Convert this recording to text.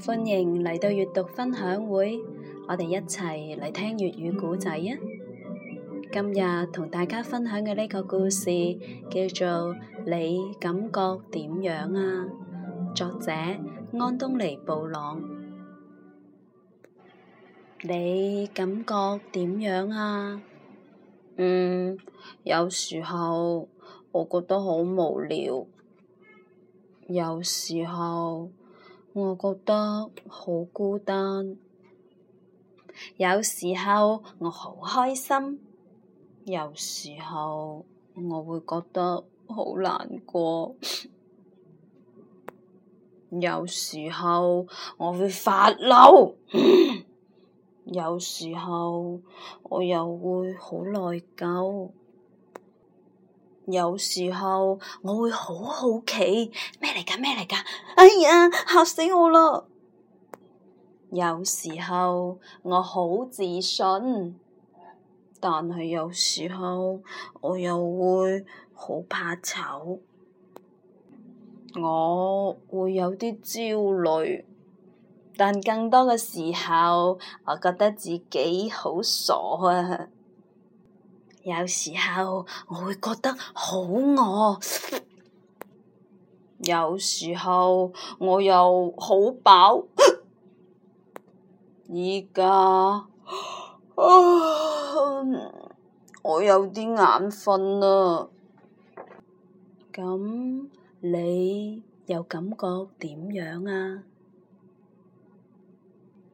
歡迎嚟到閱讀分享會，我哋一齊嚟聽粵語古仔啊！今日同大家分享嘅呢個故事叫做《你感覺點樣啊》，作者安東尼布朗。你感覺點樣啊？嗯，有時候我覺得好無聊，有時候。我覺得好孤單，有時候我好開心，有時候我會覺得好難過，有時候我會發嬲，有時候我又會好內疚。有時候我會好好奇，咩嚟㗎？咩嚟㗎？哎呀嚇死我啦！有時候我好自信，但係有時候我又會好怕醜，我會有啲焦慮，但更多嘅時候，我覺得自己好傻啊。有時候我會覺得好餓， 有時候我又好飽。而 家現在， 我有啲眼瞓啦，啊。咁你又感覺點樣啊？